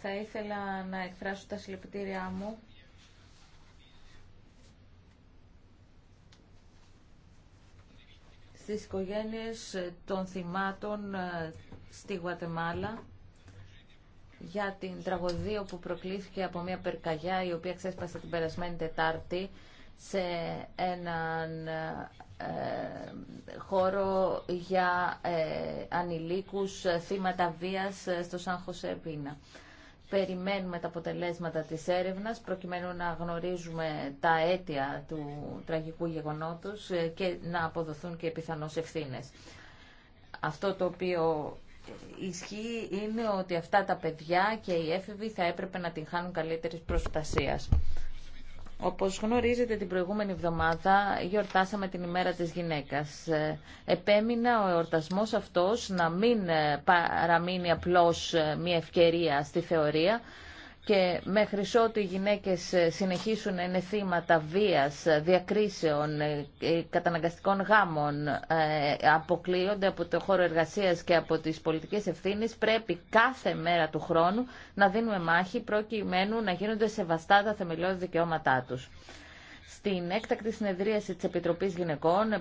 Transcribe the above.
Θα ήθελα να εκφράσω τα συλληπιτήριά μου στις οικογένειες των θυμάτων ε, στη Γουατεμάλα για την τραγωδία που προκλήθηκε από μια περκαγιά η οποία ξέσπασε την περασμένη Τετάρτη σε έναν ε, χώρο για ε, ανηλίκους ε, θύματα βίας στο Σαν Χωσέ Περιμένουμε τα αποτελέσματα της έρευνας προκειμένου να γνωρίζουμε τα αίτια του τραγικού γεγονότος και να αποδοθούν και πιθανώς ευθύνες. Αυτό το οποίο ισχύει είναι ότι αυτά τα παιδιά και οι έφηβοι θα έπρεπε να την χάνουν καλύτερης προστασίας. Όπως γνωρίζετε την προηγούμενη εβδομάδα γιορτάσαμε την ημέρα της γυναίκας. Ε, επέμεινα ο εορτασμός αυτός να μην ε, παραμείνει απλώς ε, μια ευκαιρία στη θεωρία, και μέχρι ότου οι γυναίκες ε, συνεχίσουν να είναι θύματα βίας, ε, διακρίσεων, ε, καταναγκαστικών γάμων, αποκλείονται από το χώρο εργασίας και από τις πολιτικές ευθύνες, πρέπει κάθε μέρα του χρόνου να δίνουμε μάχη προκειμένου να γίνονται σεβαστά τα θεμελιώδη δικαιώματά τους. Στην έκτακτη συνεδρίαση της Επιτροπής Γυναικών